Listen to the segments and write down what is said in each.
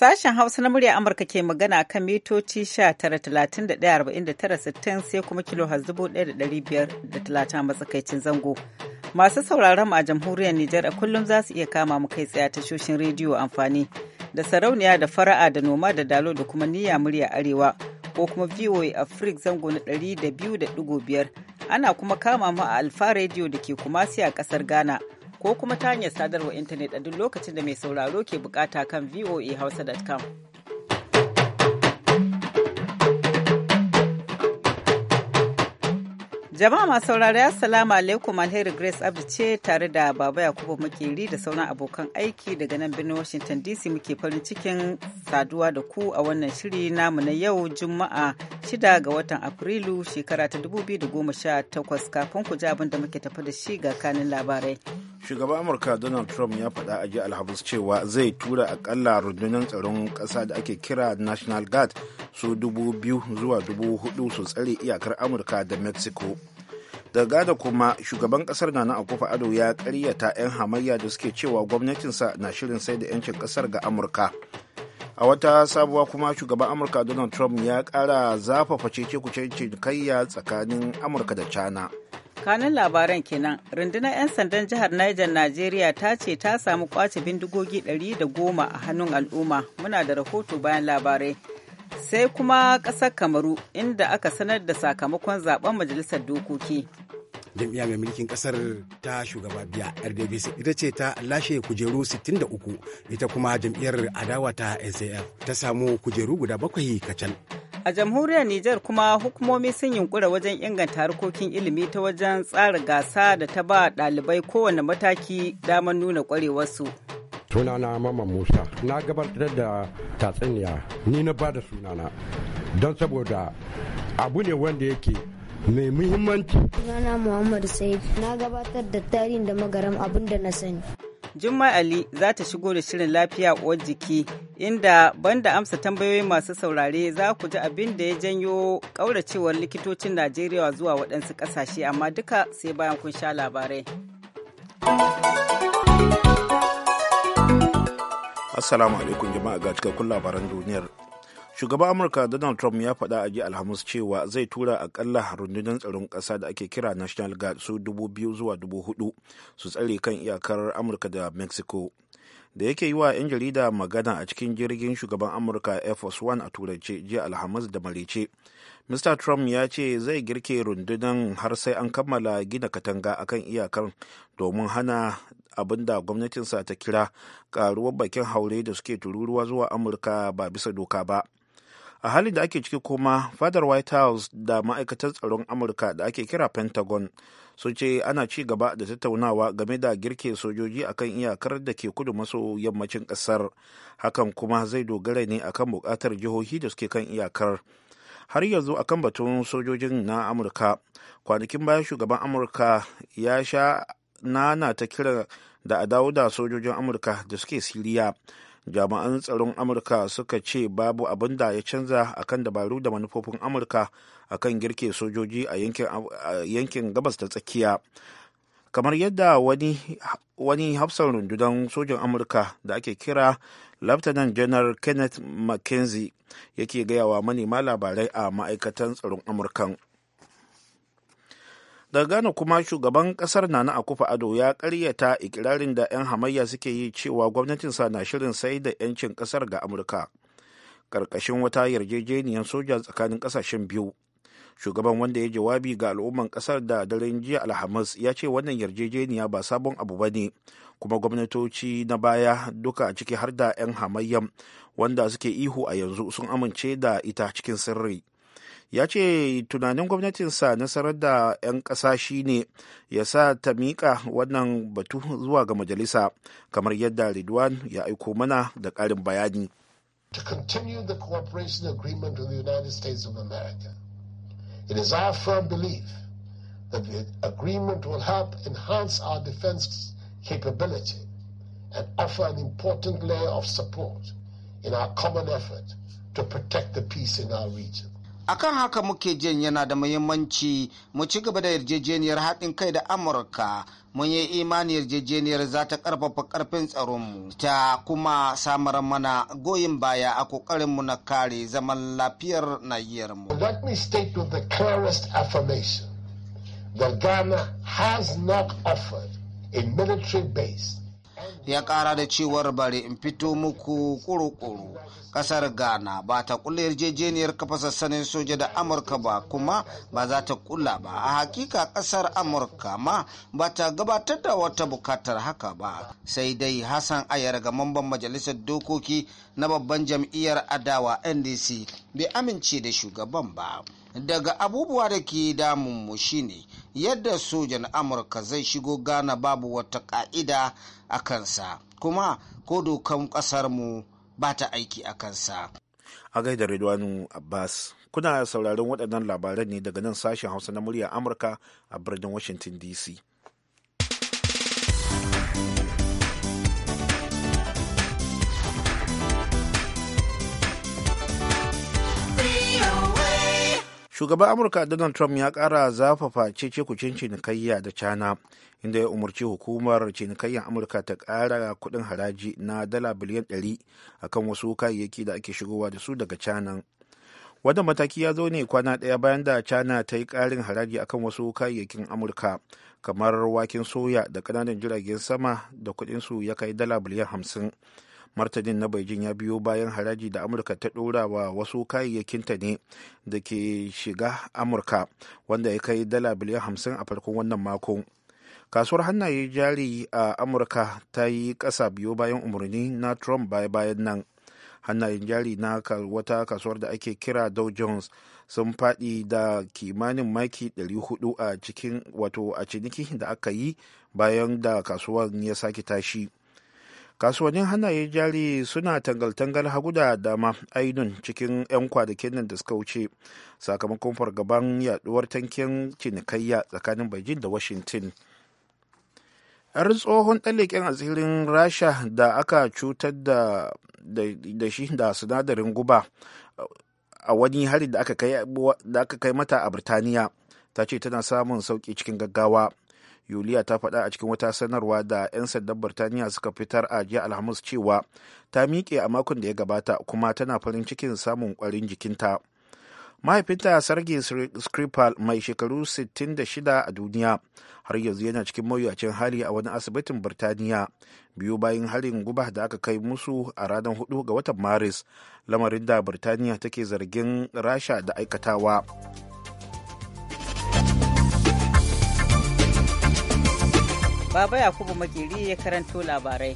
Sashen Hausa na murya Amurka ke magana kan mitoci 19,31,49,60 sai kuma kilo a matsakaicin zango. Masu sauraron a jamhuriyar Nijar a kullum za su iya kama mu kai tsaye tashoshin rediyo amfani da sarauniya da fara'a da noma da dalo da kuma niyya murya arewa ko kuma VOA Africa zango na da da biyu biyar ana kuma kama mu a Alfa Radio da ke kumasi a kasar Ghana. ko kuma ta hanyar sadarwar intanet a duk lokacin da mai sauraro ke bukata kan voahausa.com. Jama'a masu saurari Assalamu alaikum alheri Grace Abdi ce tare da Baba Yakubu Makeri da sauran abokan aiki daga nan birnin Washington DC muke farin cikin saduwa da ku a wannan shiri namu na yau Juma'a 6 ga watan Afrilu shekara ta 2018 kafin ku ji abin da muke tafi da shi ga kanin labarai. shugaban amurka donald trump ya faɗa a ji alhamis cewa zai tura akalla rundunar tsaron ƙasa da ake kira national guard su dubu biyu zuwa dubu hudu su tsare iyakar amurka da mexico daga da kuma shugaban kasar nana akufa ado ya karyata 'yan hamayya da suke cewa gwamnatinsa na shirin sai da 'yancin kasar ga amurka a wata sabuwa kuma shugaban amurka donald trump ya kara zafafa cece kuce kayya tsakanin amurka da china kanin labaran kenan rundunar 'yan sandan jihar niger najeriya ta ce ta samu kwace bindigogi 110 a hannun al'umma muna da rahoto bayan labarai sai kuma ƙasar kamaru inda aka sanar da sakamakon zaben majalisar dokoki jam'iyya mai mulkin kasar ta shugaba biya rdbc ita ce ta lashe kujeru 63 ita kuma jam'iyyar adawa ta ncf ta samu kujeru guda bakwai kacal A jamhuriyar Nijar kuma hukumomi sun yunkura wajen inganta harkokin ilimi ta wajen tsara gasa da ta ba ɗalibai kowane mataki damar nuna ƙwarewarsu. Sunana Mama Musa, na gabatar da tatsuniya, ni na bada sunana, don saboda abu ne wanda yake mai muhimmanci. Sunana muhammadu sai na gabatar da tarihin da magaram abin da na sani. Jummai Ali za ta shigo da shirin lafiya uwar jiki inda banda amsa tambayoyi masu saurare za ku ji abin da ya janyo ƙauracewar likitocin Najeriya zuwa waɗansu ƙasashe amma duka sai bayan kun sha labarai. Assalamu alaikum jama'a ga cikakkun labaran duniyar. shugaban amurka donald trump ya faɗa a ji alhamis cewa zai tura akalla rundunar tsaron ƙasa da ake kira national guard su dubu biyu zuwa dubu hudu su tsare kan iyakar amurka da mexico da yake yi wa 'yan jarida magana a cikin jirgin shugaban amurka air force one a turance jiya alhamis da malice mr trump ya ce zai girke rundunar har sai an kammala gina katanga akan iyakar domin hana abin da gwamnatinsa ta kira karuwar bakin haure da suke tururuwa zuwa amurka ba bisa doka ba a halin da ake ciki kuma fadar white house da ma'aikatar tsaron amurka da ake kira pentagon sun ce ana ci gaba da tattaunawa game da girke sojoji akan iyakar da ke kudu maso yammacin kasar hakan kuma zai dogara ne akan bukatar jihohi da suke kan iyakar har yanzu akan batun sojojin na amurka kwanakin baya shugaban amurka ya sha nana ta kira da a dawo da sojojin amurka da suke siriya jami'an tsaron amurka suka ce babu abin da ya canza akan dabaru da manufofin amurka akan girke sojoji a yankin gabas ta tsakiya kamar yadda wani, wani hafsan rundunar sojan amurka da ake kira lieutenant general kenneth mckenzie yake gayawa manema labarai a ma'aikatan tsaron amurkan daga Ghana kuma shugaban kasar na na Akufa Ado ya karyata ikirarin da 'yan hamayya suke yi cewa gwamnatinsa na shirin sai da 'yancin kasar ga Amurka. Karkashin wata yarjejeniyar soja tsakanin kasashen biyu. Shugaban wanda ya jawabi ga al'umman kasar da daren jiya Alhamis ya ce wannan yarjejeniya ba sabon abu ba ne, kuma gwamnatoci na baya duka ciki har da 'yan hamayyan wanda suke ihu a yanzu sun amince da ita cikin sirri. ya ce tunanin gwamnatinsa nasarar da 'yan ƙasa ya sa ta miƙa wannan batu zuwa ga majalisa kamar yadda ridwan ya aiko mana da ƙarin bayani to continue the cooperation agreement with the united states of america it is our firm belief that the agreement will help enhance our defense capability and offer an important layer of support in our common effort to protect the peace in our region akan haka muke jin yana da muhimmanci mu ci gaba da yarjejeniyar haɗin kai da amurka mun yi imani yarjejeniyar za ta ƙarfafa ƙarfin tsaronmu ta kuma samar mana goyin baya a ƙoƙarinmu na kare zaman lafiyar nahiyarmu. Let state with the clearest has not offered a military base ya kara da cewar bari in fito muku kuru Ƙasar kasar ghana ba ta kula yarjejeniyar kafa sassanin soja da amurka ba kuma ba za ta kula ba a hakika kasar amurka ma ba ta gabatar da wata bukatar haka ba sai dai hassan ayar ga mamban majalisar dokoki na babban jam'iyyar adawa ndc bai amince da shugaban ba daga abubuwa da ke damun mu shine yadda sojan amurka zai shigo ghana babu wata ka'ida a kansa kuma ko dokan ƙasarmu ba ta aiki a kansa a gaida Ridwanu Abbas. Kuna sauraron waɗannan labaran ne daga nan sashen Hausa na murya Amurka a birnin Washington DC. shugaban amurka donald trump ya kara zafafa cece-kucin cinikayya da china inda ya umarci hukumar cinikayyar amurka ta kara kudin haraji na dala biliyan 100 akan wasu kayayyaki da ake shigowa da su daga china wannan mataki ya zo ne kwana daya bayan da china ta yi karin haraji akan wasu kayayyakin amurka kamar waken soya da kananan jiragen sama da kuɗinsu ya kai dala biliyan 50 martanin na beijing ya biyo bayan haraji da amurka ta ɗora wa wasu kayayyakinta ne da ke shiga amurka wanda ya kai dala biliyan hamsin a farkon wannan mako kasuwar hannaye jari a amurka ta yi ƙasa biyo bayan umarni na trump baya-bayan nan hannayen jari na wata kasuwar da ake kira Dow Jones sun faɗi da kimanin maki 400 a cikin wato a ciniki da aka yi bayan da kasuwar ya sake tashi kasuwannin hannaye jari suna tangal-tangal hagu da dama ainun cikin 'yan kwanakin nan da suka wuce sakamakon fargaban yaduwar tankin cinikayya tsakanin beijing da washington yar tsohon ɗan asirin rasha da aka cutar da da shi da sinadarin guba a wani hari da aka kai mata a birtaniya ta ce tana samun sauki cikin gaggawa yuliya ta faɗa a cikin wata sanarwa da 'yan sandan birtaniya suka fitar a jiya alhamis cewa ta miƙe a makon da ya gabata kuma tana farin cikin samun ƙwarin jikinta mahaifinta sarge skripal mai shekaru 66 a duniya har yanzu yana cikin mawuyacin hali a wani asibitin birtaniya biyu bayan harin guba da aka kai musu a ranar 4 ga watan maris lamarin da birtaniya take zargin rasha da aikatawa. Baba Yakubu Makeri ya karanto labarai.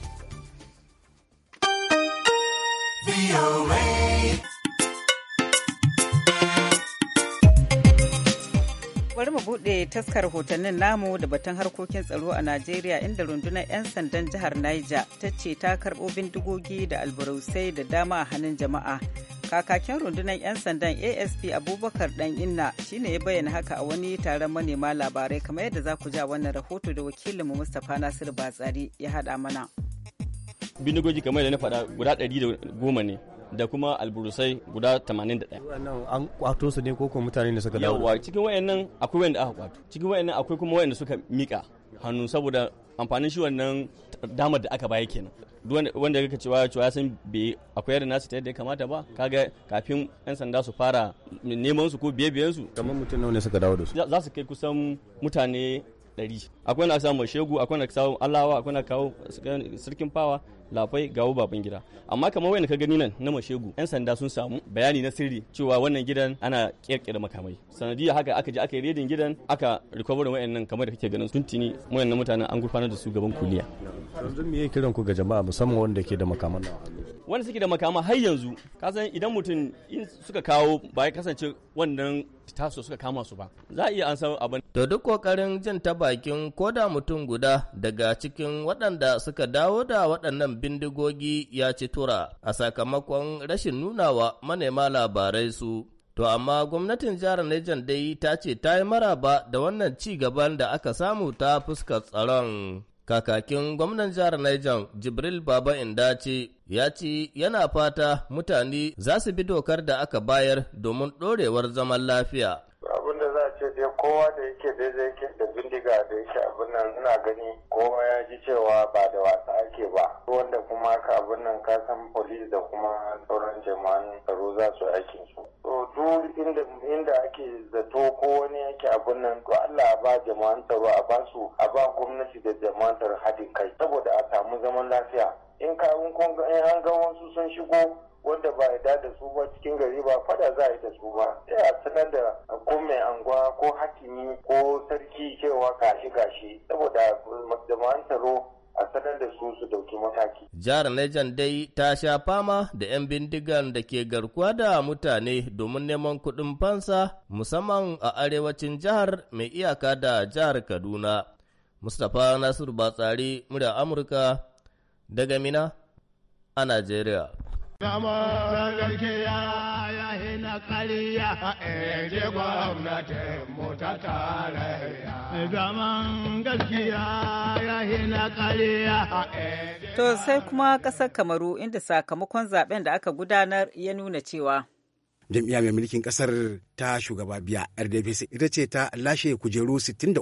bari mu buɗe taskar hotonnin namu da batun harkokin tsaro a najeriya inda rundunar 'yan sandan jihar niger ta ce ta karɓo bindigogi da alburusai da dama a hannun jama'a kakakin rundunar 'yan sandan asp abubakar dan inna shine ya bayyana haka a wani taron manema labarai kamar yadda za ku ja wannan rahoto da wakilinmu mustapha nasiru batsari ya haɗa mana bindigogi kamar da na faɗa guda ɗari da goma ne da kuma alburusai guda 81 an kwato su ne koko mutane da suka dawo yawa cikin wayannan akwai wanda aka kwato cikin wayannan akwai kuma wayanda suka mika hannu saboda amfanin shi wannan damar da aka baya kenan wanda ya cewa cewa san bai akwai yadda nasu ta yadda ya kamata ba kaga kafin yan sanda su fara neman su ko biye biyen su kamar mutum nawa ne suka dawo da su za su kai kusan mutane dari. akwai na samu shegu akwai na samu alawa akwai na kawo sarkin fawa lafai ga gawo baban gida amma kamar wani ka gani nan na mashegu yan sanda sun samu bayani na sirri cewa wannan gidan ana kirkira makamai sanadiyar haka aka je aka yi redin gidan aka recover wayannan kamar da kake ganin sun tuni wayannan mutanen an gurfanar da su gaban kuliya yanzu me yake kiran ku ga jama'a musamman wanda ke da makaman wanda suke da makama har yanzu kasan idan mutum in suka kawo ba ya kasance wannan taso suka kama su ba za a iya an san abin to duk kokarin jin ta bakin koda mutum guda daga cikin waɗanda suka dawo da waɗannan bindigogi ya ci tura a sakamakon rashin nunawa manema labarai su To amma gwamnatin jihar Niger dai ta ce ta yi maraba da wannan ci gaban da aka samu ta fuskar tsaron. Kakakin gwamnan jihar Niger Jibril Baba Indace ya ce yana fata mutane za su bi dokar da aka bayar domin ɗorewar zaman lafiya. dai kowa da yake daidai yake da bindiga da yake abin nan ina gani kowa ya ji cewa ba da wasa ake ba wanda kuma ka abin nan ka san police da kuma sauran jama'an tsaro za su aikin su to duk inda inda ake zato ko wani yake abin nan to Allah ba jama'an tsaro a ba su a ba gwamnati da jama'an tsaro haɗin kai saboda a samu zaman lafiya in ka an ga wasu sun shigo wanda ba ya da su ba cikin gari ba fada za a yi da su ba sai a sanar da mai anguwa ko hakimi ko sarki cewa gashi gashi saboda jama'an tsaro a sanar da su su dauki mataki. Jihar Legend dai ta sha fama da 'yan bindigan da ke garkuwa da mutane domin neman kuɗin fansa musamman a arewacin jihar mai iyaka da jihar Kaduna. Mustapha Nasiru Batsari, murya Amurka, daga Mina a Najeriya. Eh, Zaman gaskiya ya hina kariya a eh, To sai kuma ƙasar Kamaru inda sakamakon zaben da aka gudanar ya nuna cewa. jam'iyya mai mulkin kasar ta shugaba biya rdpc ita ce ta lashe kujeru 63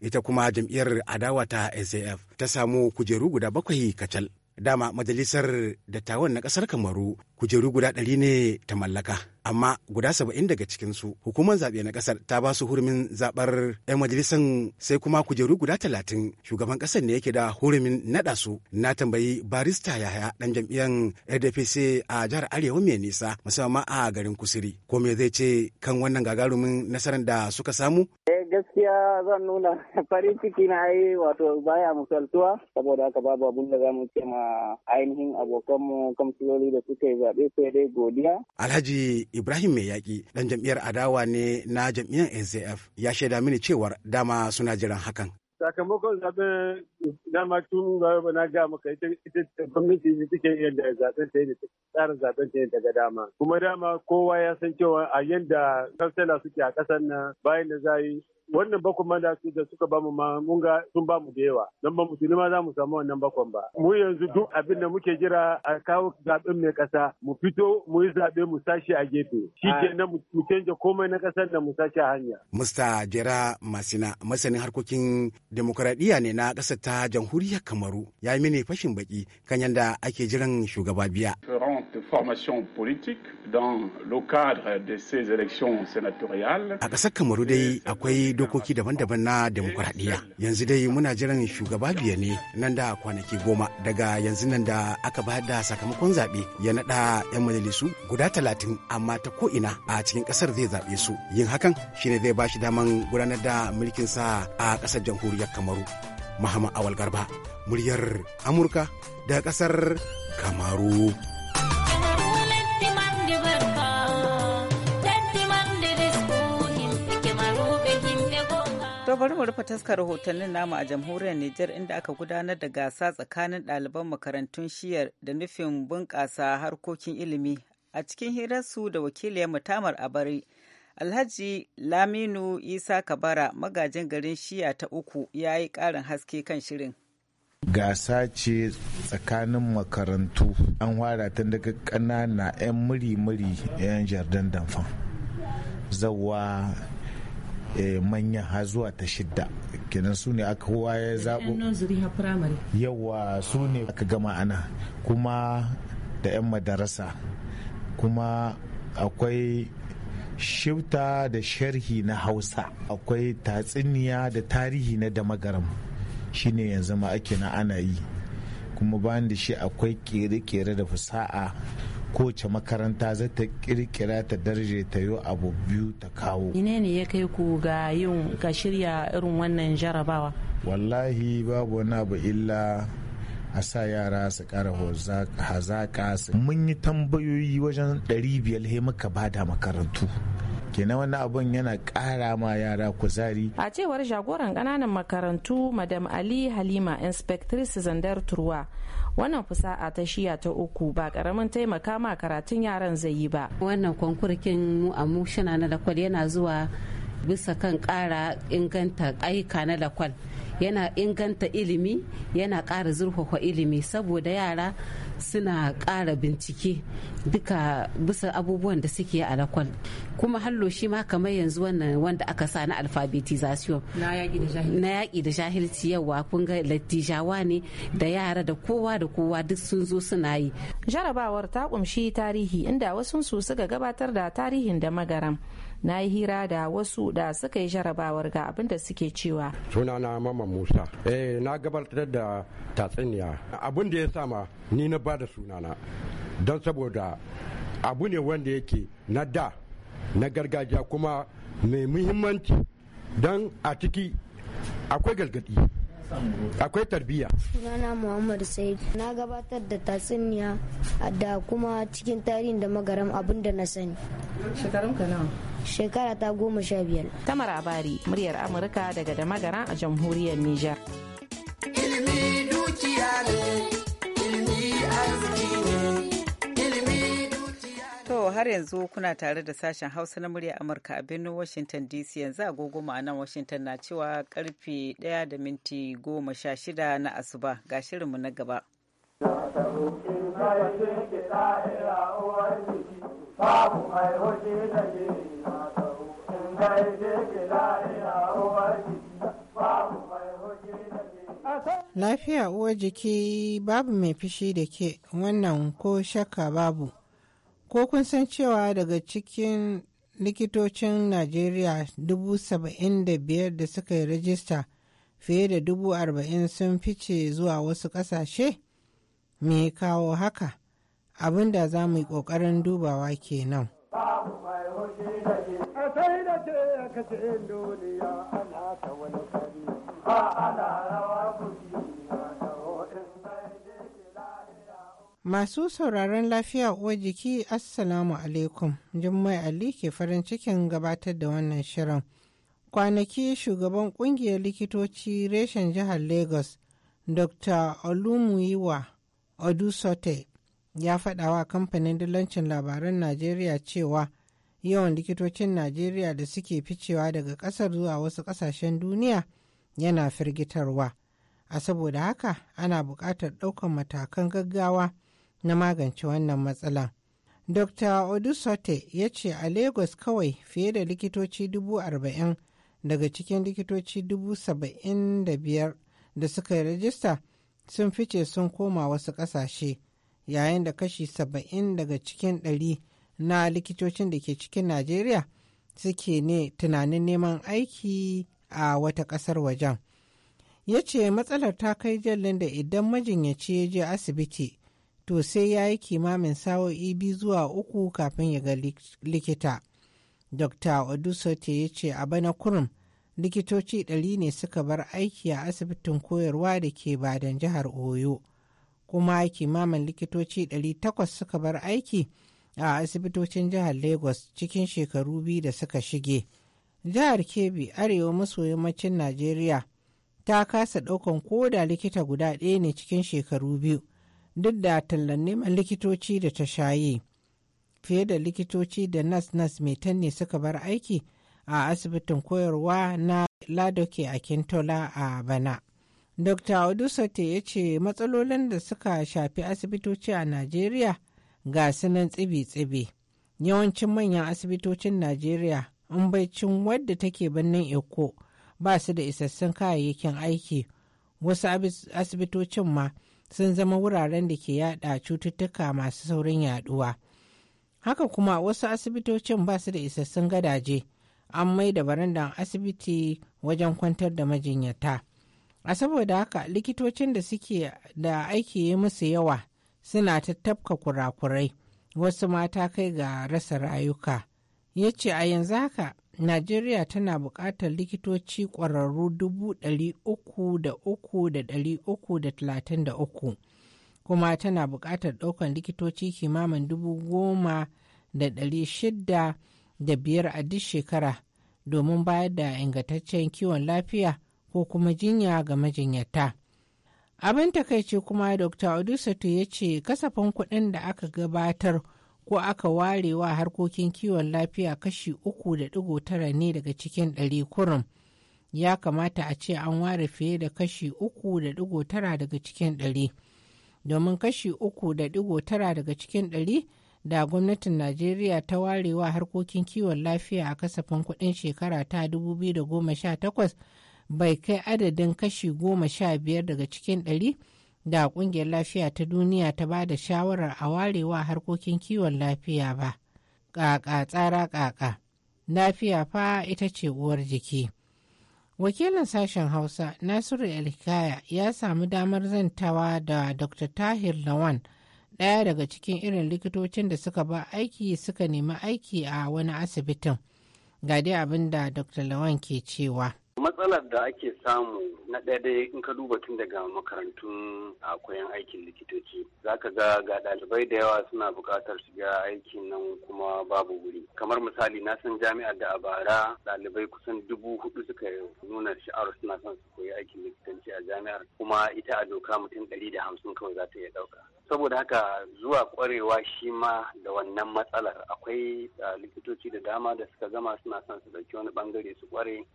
ita kuma jam'iyyar adawa ta saf ta samu kujeru guda bakwai kacal dama majalisar dattawan na kasar kamaru kujeru guda ɗari ne ta mallaka amma guda saba'in daga cikinsu hukumar zaɓe na ƙasar ta ba su hurumin zaɓar 'yan majalisar sai kuma kujeru guda talatin shugaban ƙasar ne yake da hurumin naɗa su na tambayi barista yaya ɗan jam'iyyar rdpc a jihar arewa mai nisa musamman a garin kusiri ko me zai ce kan wannan gagarumin nasarar da suka samu. Eh, gaskiya zan nuna farin ciki na yi wato baya misaltuwa saboda haka babu abin da zamu ce ma ainihin abokanmu kamfiloli da suka yi zaɓe sai dai godiya. Alhaji Ibrahim mai yaƙi ɗan jam'iyyar adawa ne na jam'iyyar NCF ya shaida mini cewar dama suna jiran hakan. Sakamakon zaɓen dama tun ba na ga maka ita gwamnati ne take yadda zaben ta yi tsarin zaben ta yi daga dama kuma dama kowa ya san cewa a yadda kansala suke a kasar nan bayan da za yi wannan bakon ma da da suka bamu mu ma mun ga sun ba mu da yawa don ba tuni ma za mu samu wannan bakon ba mu yanzu duk abin da muke jira a kawo zaben mai kasa mu fito mu yi zabe mu sashi a gefe shi kenan mu canja komai na kasar da mu sashi a hanya Mr. Jera Masina masanin harkokin demokuraɗiyya ne na ƙasar ta jamhuriyar kamaru ya yi mini fashin baki kan yadda ake jiran shugaba biya a ƙasar kamaru dai akwai dokoki daban-daban na demokuraɗiyya yanzu dai muna jiran shugaba biya ne nan da kwanaki goma daga yanzu nan da aka ba da sakamakon zaɓe ya naɗa 'yan majalisu guda talatin amma ta ko'ina a cikin ƙasar zai zaɓe su yin hakan shine zai ba shi daman gudanar da mulkinsa a ƙasar jamhuriyar kamaru Mahama Awal Garba, muryar Amurka da ƙasar Kamaru. To bari mu rufe taskar rahotannin namu a jamhuriyar Nijar inda aka gudanar da gasa tsakanin ɗaliban makarantun shiyar da nufin bunƙasa harkokin ilimi a cikin hirarsu da wakiliyar mutamar abari. bari. Alhaji Laminu Isa Kabara magajin garin Shiya ta uku ya yi ƙarin haske kan shirin. gasa ce tsakanin makarantu an wara ta daga ƙanana 'yan muri-muri 'yan jardin damfan zawa eh, manyan har zuwa ta shidda kenan su ne aka kowa ya zaɓo yawa su ne aka gama ana kuma da 'yan madarasa kuma akwai shifta da sharhi na hausa akwai tatsiniya da tarihi na damagaram shine yanzu ma ake na ana yi kuma bayan da shi akwai kere-kere da fasa'a kowace makaranta za ta kirkira ta darje ta yi abu biyu ta kawo ine ne ya kai ku ga yin ka shirya irin wannan jarabawa wallahi babu wani abu illa a sa yara su kara hazaka su mun yi tambayoyi wajen 500 he muka bada makarantu kenan wani abun yana kara ma yara kuzari a cewar jagoran kananan makarantu madam ali halima inspectrice zandar turwa wannan fusa'a ta shiya ta uku ba karamin taimaka ma karatun yaran zai yi ba wannan kwankurkin mu a mushina na lakwal yana zuwa bisa kan kara inganta ayyuka na lakwal yana inganta ilimi yana kara zurfafa ilimi saboda yara suna ƙara bincike duka bisa abubuwan da suke a lakwal kuma hallo shi ma kamar yanzu wannan wanda aka sa na alfabetization na yaƙi da jahilci yawa kun ga lattijawa ne da yara da kowa da kowa duk sun zo suna yi jarabawar ta ƙumshi tarihi inda wasu su suka gabatar da tarihin da magaram na yi hira da wasu da suka yi jarabawar ga abin da suke cewa sunana mama musa eh na gabatar da tatsuniya abin da ya sama ni na ba da sunana don saboda abu ne wanda yake na da na gargajiya kuma mai muhimmanci don a ciki akwai gargadi akwai tarbiyya sunana muhammad said na gabatar da tatsuniya da kuma cikin tarihin da magaram abin na sani shekarun ka nawa shekara ta goma sha biyar tamar abari muryar amurka daga da a jamhuriyar nijar ilimi dukiya ne yau har yanzu kuna tare da sashen Hausa na murya Amurka a birnin Washington DC yanzu agogo ma'anan Washington na cewa karfe 1 da minti 16 na asuba ga shirinmu na gaba. Lafiya uwar jiki babu mai fishi da ke wannan ko shakka babu. ko kun san cewa daga cikin likitocin najeriya dubu saba'in da biyar da suka yi rajista fiye da dubu arba'in sun fice zuwa wasu ƙasashe me kawo haka abin da za mu yi ƙoƙarin dubawa kenan. nan. Masu sauraron lafiya uwar jiki Assalamu alaikum, Jummai Ali ke farin cikin gabatar da wannan shirin. Kwanaki shugaban kungiyar likitoci reshen jihar Lagos, Dr. Olumuyiwa Odusote ya faɗawa kamfanin dillancin labaran Najeriya cewa yawan likitocin Najeriya da suke ficewa daga ƙasar zuwa wasu ƙasashen duniya yana firgitarwa. A saboda haka ana buƙatar ɗaukar matakan gaggawa. na magance wannan matsala. Dr. Odusote ya ce a Lagos kawai fiye da likitoci dubu arba'in daga cikin likitoci dubu saba'in da biyar da suka yi rajista sun fice sun koma wasu ƙasashe yayin da kashi saba'in daga cikin ɗari na likitocin da ke cikin Najeriya suke ne tunanin neman aiki a wata ƙasar wajen. Ya ce matsalar ta kai jallin da idan majinyaci ya je asibiti to sai ya yi kimamin sa'o'i biyu zuwa uku kafin ya ga likita. Dr. Odusote ya ce a bana kurum likitoci ɗari ne suka bar aiki a asibitin koyarwa da ke badan jihar Oyo. Kuma kimamin likitoci ɗari takwas suka bar aiki a asibitocin jihar Lagos cikin shekaru biyu da suka shige. Jihar Kebbi arewa maso yammacin Najeriya ta kasa ɗaukan koda likita guda ɗaya ne cikin shekaru biyu. duk da tallan neman likitoci da ta shayi fiye da likitoci da nas nas mai tanne suka bar aiki a asibitin koyarwa na ladoke a kintola a bana dr odusote ya ce matsalolin da suka shafi asibitoci a najeriya ga sunan tsibi-tsibi yawancin manyan asibitocin najeriya in baicin wadda take birnin eko ba su da isassun kayayyakin aiki wasu asibitocin ma sun zama wuraren da ke yada cututtuka masu saurin yaduwa. Haka kuma wasu asibitocin ba su da isassun gadaje, an mai da barandan asibiti wajen kwantar da majinyata. A saboda haka likitocin da suke da aiki yi musu yawa suna ta tafka kurakurai, wasu mata kai ga rasa rayuka. Ya ce a yanzu haka Najeriya tana buƙatar likitoci ƙwararru dubu ɗari uku da uku da ɗari uku da talatin da uku, kuma tana buƙatar ɗaukar likitoci kimamin dubu goma da ɗari shida da biyar a duk shekara domin bayar da ingantaccen kiwon lafiya ko kuma jinya ga majinyata. Abin takaici kuma Dr. Odusatu ya ce kasafin kuɗin da aka gabatar ko aka ware wa harkokin kiwon lafiya kashi uku da digo tara ne daga cikin ɗari kurum ya kamata a ce an ware fiye da kashi uku da digo tara daga cikin ɗari domin kashi uku da digo tara daga cikin ɗari da gwamnatin najeriya ta ware wa harkokin kiwon lafiya a kasafin kuɗin shekara ta takwas bai kai adadin kashi goma sha biyar daga cikin ɗari da kungiyar lafiya ta duniya ta ba da shawarar a warewa harkokin kiwon lafiya ba ƙaƙa tsara ƙaƙa lafiya fa ita ce uwar jiki wakilin sashen hausa nasiru elkaya ya samu damar zantawa da dr tahir lawan ɗaya daga cikin irin likitocin da suka ba aiki suka nemi aiki a wani asibitin ga dai abin da dr lawan ke cewa matsalar da ake samu na ɗaya in ka duba tun daga makarantun koyon aikin likitoci za ka ga ga ɗalibai da yawa suna buƙatar shiga aikin nan kuma babu wuri kamar misali na san jami'ar da a bara ɗalibai kusan dubu hudu suka nuna sha'awar suna son su koyi aikin likitanci a jami'ar kuma ita a doka mutum ɗari da hamsin kawai za ta iya ɗauka saboda haka zuwa kwarewa shi ma da wannan matsalar akwai likitoci da dama da suka zama suna son su dauki wani bangare su kware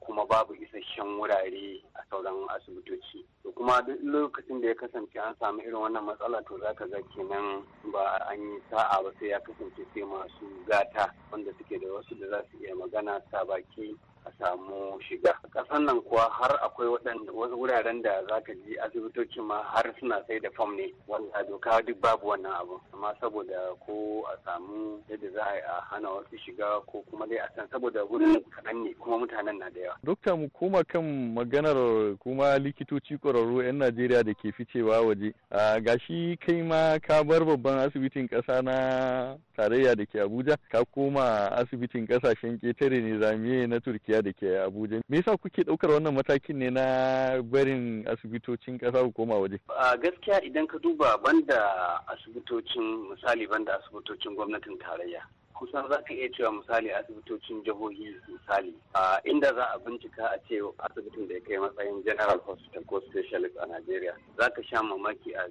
kuma babu isasshen wurare a sauran asibitoci to kuma duk lokacin da ya kasance an samu irin wannan matsala to zaka ga kenan ba an yi sa'a ba sai ya kasance sai masu gata wanda suke da wasu da za su iya magana sa baki a samu shiga kasan nan kuwa har akwai wasu wuraren da za ka ji asibitoci ma har suna sai da fam ne wanda doka duk babu wannan abu amma saboda ko a samu yadda za a hana wasu shiga ko kuma dai a san saboda wurin kaɗan ne kuma mutanen na da yawa. dokta mu koma kan maganar kuma likitoci ƙwararru 'yan najeriya da ke ficewa waje gashi kai ma ka bar babban asibitin ƙasa na tarayya da ke abuja ka koma asibitin ƙasashen ƙetare ne zamiye na turkiya gaskiya da ke Abuja. Me yasa kuke ɗaukar wannan matakin ne na barin asibitocin kasa ku koma waje? A gaskiya idan ka duba banda asibitocin misali banda asibitocin gwamnatin tarayya. kusan za ka iya cewa misali asibitocin jihohi misali a inda za a bincika a ce asibitin da ya kai matsayin general hospital ko specialist a nigeria za ka sha mamaki a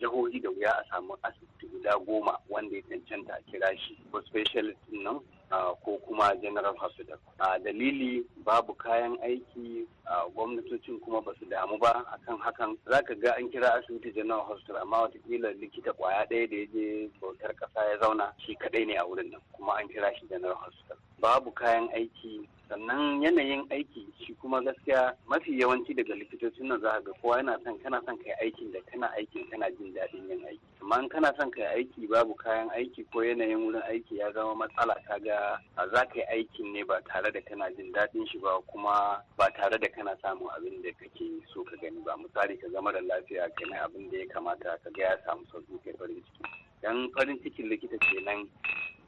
jihohi da wuya a samu asibiti guda goma wanda ya cancanta a kira shi ko specialist nan ko kuma general hospital dalili babu kayan aiki a gwamnatocin kuma ba su damu ba akan hakan za ka ga an kira asibiti general hospital amma watakila likita kwaya ɗaya da ya je bautar ƙasa ya zauna shi kaɗai ne a wurin nan kuma an kira shi general hospital babu kayan aiki sannan yanayin aiki shi kuma gaskiya mafi yawanci daga likitocin nan za ga kowa yana son kana son kai aikin da kana aikin kana jin daɗin yin aiki amma in kana son kai aiki babu kayan aiki ko yanayin wurin aiki ya zama matsala kaga za ka yi aikin ne ba tare da kana jin daɗin shi ba kuma ba tare da kana samun abin da kake so ka gani ba misali ka zama da lafiya kana abin da ya kamata ka ga ya samu sauki kai farin ciki dan farin cikin likita kenan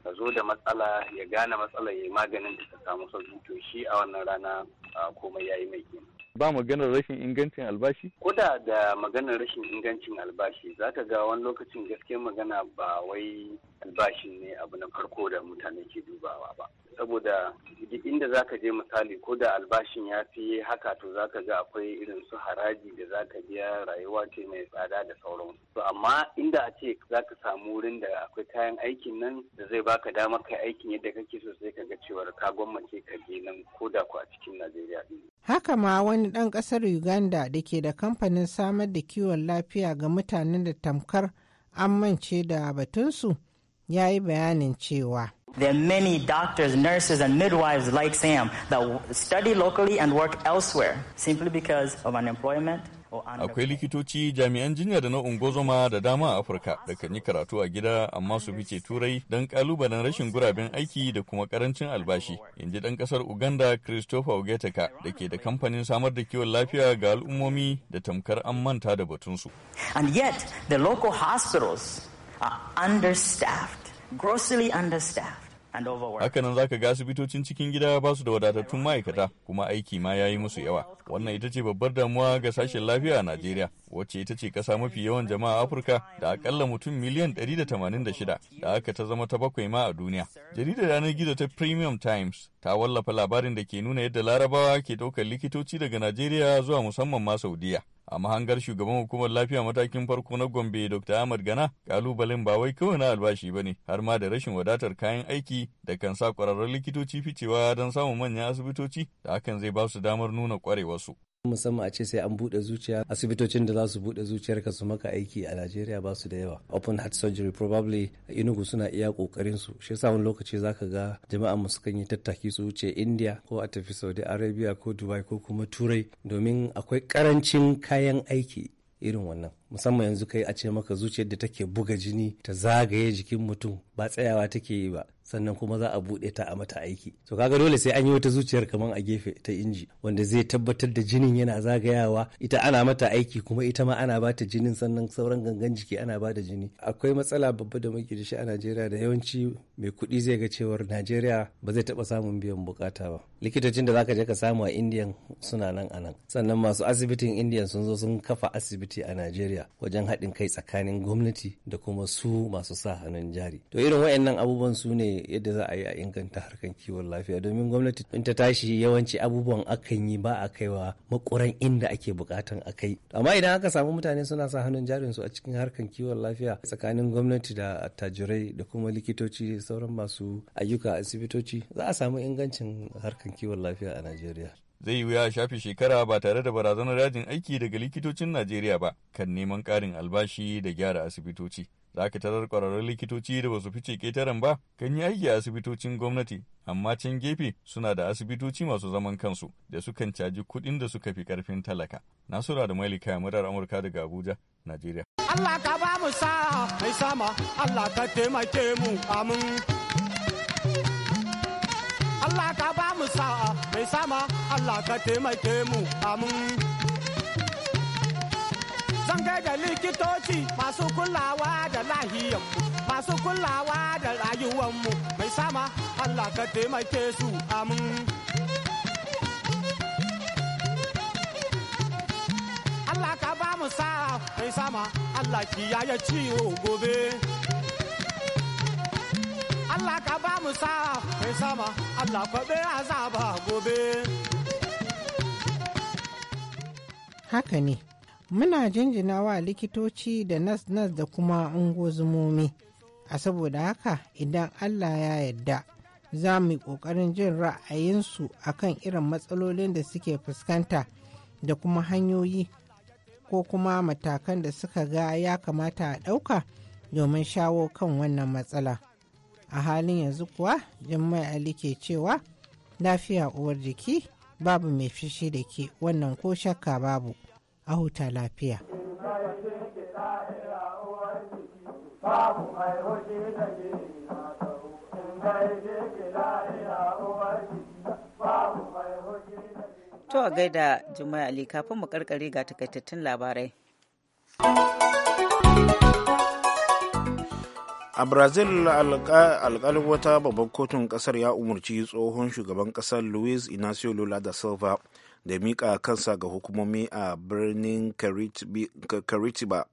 ka zo da matsala ya gane matsala ya yi maganin da ta samu sauki to shi a wannan rana komai ya yi mai kima ba maganar rashin ingancin albashi? Kuda da maganar rashin ingancin albashi za ka ga wani lokacin gaskiyar magana ba wai albashin ne abu na farko da mutane ke dubawa ba saboda duk inda zaka je misali ko da albashin ya fi haka to zaka ga akwai irin su haraji da zaka biya rayuwa ce mai tsada da sauran to amma inda a ce zaka samu wurin da akwai kayan aikin nan da zai baka dama kai aikin yadda kake so sai kaga cewar ka gwammace ka je nan ko da ku a cikin Najeriya haka ma wani ɗan ƙasar Uganda da ke da kamfanin samar da kiwon lafiya ga mutanen da tamkar an mance da batunsu ya yi bayanin cewa There are many doctors, nurses, and midwives like Sam that study locally and work elsewhere simply because of unemployment. Akwai likitoci jami'an jinya da na ungozoma da dama a Afirka da kan yi karatu a gida amma su fice turai don kalubalen rashin guraben aiki da kuma karancin albashi. In ji ɗan ƙasar Uganda Christopher Ogeteka da ke da kamfanin samar da kiwon lafiya ga al'ummomi da tamkar an manta da batunsu. And yet the local hospitals are understaffed, grossly understaffed. Hakanan za ka ga asibitocin cikin gida ba su da wadatattun ma'aikata kuma aiki ma ya yi musu yawa. Wannan ita ce babbar damuwa ga sashen lafiya a Najeriya, wacce ita ce ƙasa mafi yawan jama'a a Afirka da akalla mutum miliyan 186 da aka ta zama ta bakwai ma a duniya. Jaridar yanar gizo ta Premium Times ta wallafa labarin da ke nuna yadda Larabawa ke ɗaukar likitoci daga Najeriya zuwa musamman ma Saudiya. a mahangar shugaban hukumar lafiya matakin farko na gombe dr ahmad gana kalubalen ba wai kawai na albashi ba ne har ma da rashin wadatar kayan aiki da kan sa kwararrun likitoci ficewa don samun manyan asibitoci da hakan zai ba su damar nuna kwarewarsu musamman a ce sai an buɗe zuciya asibitocin da za su buɗe ka su maka aiki a Najeriya ba su da yawa open heart surgery probably inugu suna iya kokarin su shi yasa wani lokaci zaka ga jama'a mu sukan yi tattaki su wuce India ko a tafi Saudi Arabia ko Dubai ko kuma Turai domin akwai karancin kayan aiki irin wannan musamman yanzu kai a ce maka zuciyar da take buga jini ta zagaye jikin mutum ba tsayawa take yi ba sannan kuma za a buɗe ta a mata aiki to kaga dole sai an yi wata zuciyar kamar a gefe ta inji wanda zai tabbatar da jinin yana zagayawa ita ana mata aiki kuma ita ma ana bata jinin sannan sauran gangan jiki ana bada jini akwai matsala babba da muke da shi a Najeriya da yawanci mai kuɗi zai ga cewar Najeriya ba zai taɓa samun biyan bukata ba likitocin da zaka je ka samu a indiya suna nan anan sannan masu asibitin Indiyan sun zo sun kafa asibiti a Najeriya wajen haɗin kai tsakanin gwamnati da kuma su masu sa hannun jari to irin waɗannan abubuwan su ne yadda za a yi a inganta harkar kiwon lafiya domin gwamnati in ta tashi yawanci abubuwan akan yi ba a kaiwa makuran inda ake bukatan a kai amma idan aka samu mutane suna sa hannun jarin su a cikin harkar kiwon lafiya tsakanin gwamnati da attajirai da kuma likitoci sauran masu ayyuka a asibitoci za a samu ingancin harkar kiwon lafiya a Najeriya. zai yi wuya a shafe shekara ba tare da barazanar rajin aiki daga likitocin Najeriya ba kan neman karin albashi da gyara asibitoci. za ka tarar kwararrun likitoci da ba su fice ketaren ba kan yi aiki a asibitocin gwamnati amma can gefe suna da asibitoci masu zaman kansu da sukan caji kuɗin da suka fi karfin talaka nasura da mailika murar amurka daga abuja najeriya allah ka ba mu sa mai sama allah ka taimake mu amin allah ka ba mu sa mai sama allah ka taimake mu amin Zan da likitoci masu kulawa da lahiyanmu, masu kulawa da rayuwanmu mai sama Allah ka taimake su amin. Allah ka ba mu sa mai sama Allah kiyaye ciwo gobe. Allah ka ba mu sa mai sama Allah kwaɓe azaba gobe. Haka ne. muna jinjinawa likitoci da nas nas da kuma ungozumomi a saboda haka idan allah ya yadda za mu yi ƙoƙarin jin ra'ayinsu a kan irin matsalolin da suke fuskanta da kuma hanyoyi ko kuma matakan da suka ga ya kamata a ɗauka domin shawo kan wannan matsala a halin yanzu kuwa Jummai ali ke cewa lafiya uwar jiki babu mai fishi da ke wannan ko shakka babu a huta lafiya. To a gaida Juma'a Ali kafin mu karkare ga takaitattun labarai. a brazil alkalin wata babban kotun ƙasar ya umarci tsohon shugaban ƙasar luis Inácio lula da silva da miƙa kansa ga hukumomi a birnin karitiba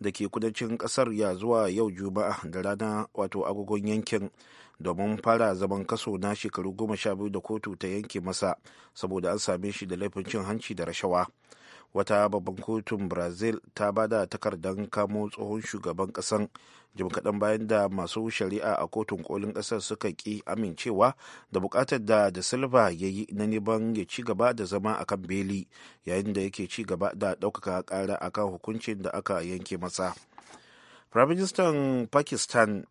da ke kudancin ƙasar ya zuwa yau juma'a da rana wato agogon yankin domin fara zaman kaso na shekaru goma sha biyu da kotu ta yanke masa saboda an same shi da laifin cin hanci da rashawa wata babban kotun brazil ta bada takardar kamo tsohon shugaban kasan jim kaɗan bayan da masu shari'a a kotun kolin ƙasar suka ƙi amincewa da buƙatar da da silva ya yi na neman ya ci gaba da zama a kan beli yayin da yake ci gaba da ɗaukaka ƙara a kan hukuncin da aka yanke masa firaministan pakistan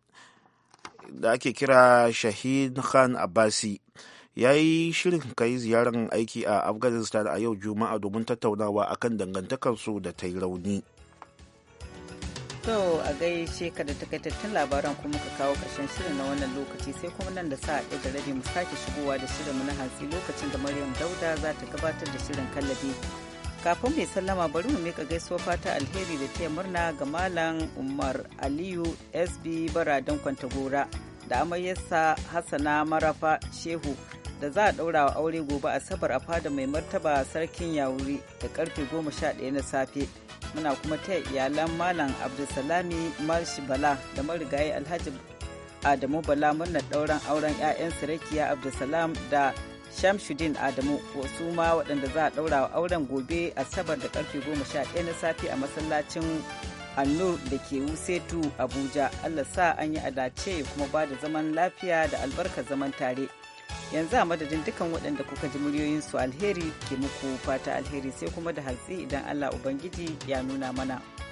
da ake kira shahid khan abbasi ya yi shirin kai ziyarar aiki a afghanistan a yau juma'a domin tattaunawa a akan dangantakarsu da ta yi rauni so a gaishe ka da takaitattun labaran kuma ka kawo ƙarshen shirin na wannan lokaci sai kuma nan da sa a da rabi mu sake shigowa da shirin mu na hantsi lokacin da maryam dauda za ta gabatar da shirin kallabi kafin mai sallama bari mu mika gaisuwa fata alheri da taya murna ga malam umar aliyu sb kwanta kwantagora da amayyarsa hassana marafa shehu da za a ɗaura wa aure gobe asabar a fada mai martaba sarkin yawuri da karfe 11 na safe muna kuma taya iyalan malam abdulsalami marshi bala da marigayi alhaji adamu bala murnar ɗauran auren 'ya'yan sarakiya abdulsalam da Shamshuddin Adamu wasu ma waɗanda za a ɗaura wa auren gobe Asabar da goma sha ɗaya na safe a masallacin Annur da ke Wusetu Abuja. Allah sa an yi adace kuma ba da zaman lafiya da albarkar zaman tare. Yanzu a madadin dukan waɗanda kuka ji muryoyinsu alheri ke muku fata alheri sai kuma da hatsi idan Allah Ubangiji ya nuna mana.